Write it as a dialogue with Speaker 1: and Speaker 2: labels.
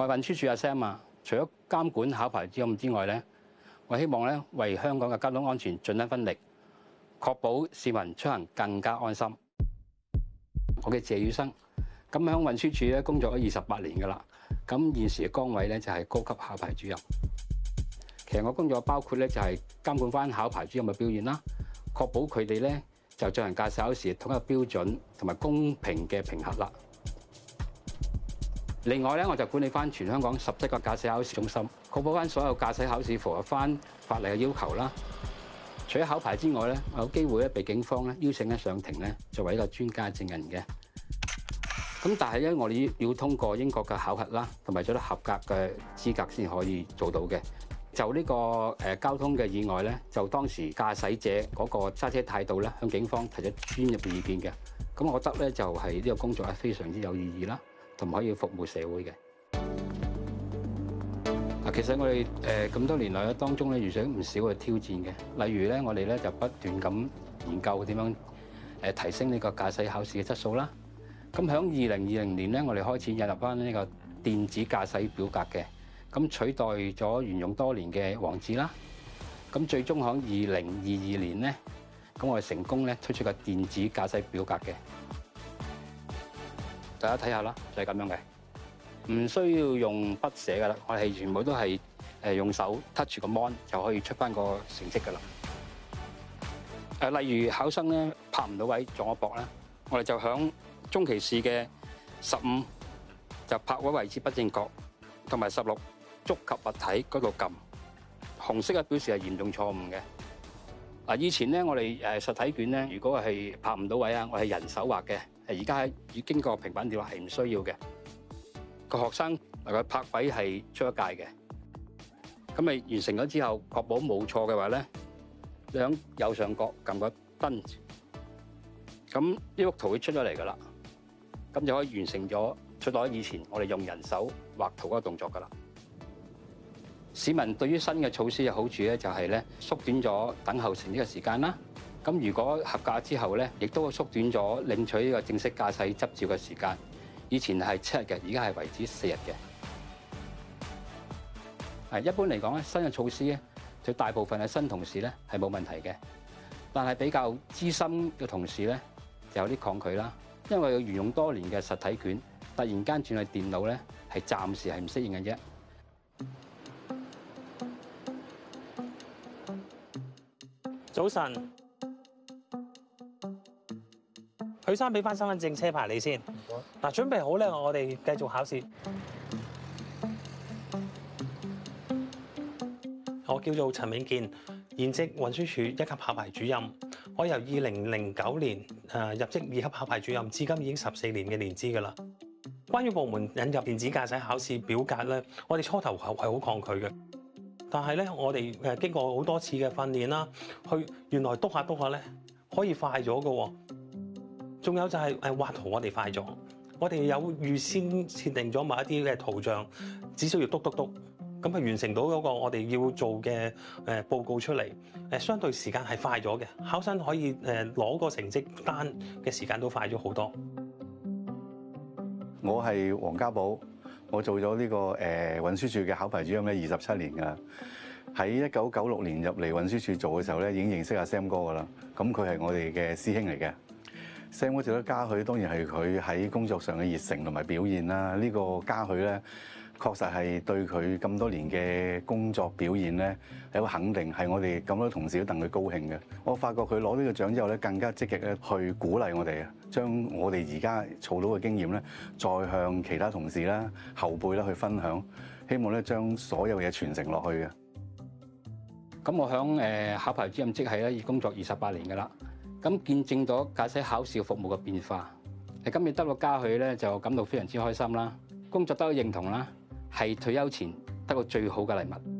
Speaker 1: 我係運輸署阿 Sam 啊，除咗監管考牌主任之外咧，我希望咧為香港嘅交通安全盡一分力，確保市民出行更加安心。我嘅謝宇生，咁喺運輸署咧工作咗二十八年噶啦，咁現時嘅崗位咧就係高級考牌主任。其實我工作包括咧就係監管翻考牌主任嘅表現啦，確保佢哋咧就進行駕駛考試統一標準同埋公平嘅評核啦。另外咧，我就管理翻全香港十七個駕駛考試中心，確保翻所有駕駛考試符合翻法例嘅要求啦。除咗考牌之外咧，我有機會咧被警方咧邀請咧上庭咧作為一個專家證人嘅。咁但係咧，我哋要通過英國嘅考核啦，同埋做得合格嘅資格先可以做到嘅。就呢個交通嘅意外咧，就當時駕駛者嗰個揸車態度咧，向警方提出專業嘅意見嘅。咁我覺得咧就係呢個工作係非常之有意義啦。同可以服務社會嘅。嗱，其實我哋誒咁多年來嘅當中咧，遇上唔少嘅挑戰嘅。例如咧，我哋咧就不斷咁研究點樣誒提升呢個駕駛考試嘅質素啦。咁響二零二零年咧，我哋開始引入翻呢個電子駕駛表格嘅。咁取代咗沿用多年嘅黃紙啦。咁最終響二零二二年咧，咁我哋成功咧推出個電子駕駛表格嘅。大家睇下啦，就係咁樣嘅，唔需要用筆寫噶啦，我哋全部都係誒用手 touch 住個 mon 就可以出返個成績噶啦。誒，例如考生咧拍唔到位，撞一搏啦，我哋就響中期試嘅十五就拍位位置不正確，同埋十六觸及物體嗰度撳紅色呀表示係嚴重錯誤嘅。嗱，以前咧我哋誒實體卷咧，如果係拍唔到位啊，我係人手畫嘅。而家已經個平板電腦係唔需要嘅，個學生嗱，個拍位係出一界嘅，咁咪完成咗之後確保冇錯嘅話咧，你響右上角撳個燈，咁呢幅圖會出咗嚟噶啦，咁就可以完成咗取代以前我哋用人手畫圖嗰個動作噶啦。市民對於新嘅措施嘅好處咧，就係咧縮短咗等候成呢個時間啦。咁如果合格之後咧，亦都會縮短咗領取呢個正式駕駛執照嘅時間。以前係七日嘅，而家係為止四日嘅。係一般嚟講咧，新嘅措施咧，對大部分嘅新同事咧係冇問題嘅。但係比較資深嘅同事咧，就有啲抗拒啦，因為佢沿用多年嘅實體卷，突然間轉去電腦咧，係暫時係唔適應嘅啫。
Speaker 2: 早晨。許生，俾翻身份證、車牌你先。嗱，準備好咧，我哋繼續考試。我叫做陳永健，現職運輸署一級考牌主任。我由二零零九年誒、啊、入職二級考牌主任，至今已經十四年嘅年資㗎啦。關於部門引入電子駕駛考試表格咧，我哋初頭係係好抗拒嘅。但係咧，我哋誒經過好多次嘅訓練啦，去原來督下督下咧，可以快咗㗎喎。仲有就係誒畫圖，我哋快咗。我哋有預先設定咗某一啲嘅圖像，只需要篤篤篤，咁，咪完成到嗰個我哋要做嘅誒報告出嚟。誒相對時間係快咗嘅，考生可以攞個成績單嘅時間都快咗好多。
Speaker 3: 我係黃家寶，我做咗呢、這個誒、呃、運輸署嘅考牌主任咧，二十七年㗎。喺一九九六年入嚟運輸署做嘅時候咧，已經認識阿 Sam 哥㗎啦。咁佢係我哋嘅師兄嚟嘅。Sam 我覺得嘉許當然係佢喺工作上嘅熱誠同埋表現啦，呢個嘉許咧確實係對佢咁多年嘅工作表現咧係一個肯定，係我哋咁多同事都戥佢高興嘅。我發覺佢攞呢個獎之後咧，更加積極咧去鼓勵我哋，將我哋而家儲到嘅經驗咧再向其他同事啦、後輩啦去分享，希望咧將所有嘢傳承落去嘅。
Speaker 1: 咁我響誒考牌主任即係咧已工作二十八年嘅啦。咁見證咗駕駛考試服務嘅變化，今日得到嘉許呢，就感到非常之開心啦。工作得到認同啦，係退休前得個最好嘅禮物。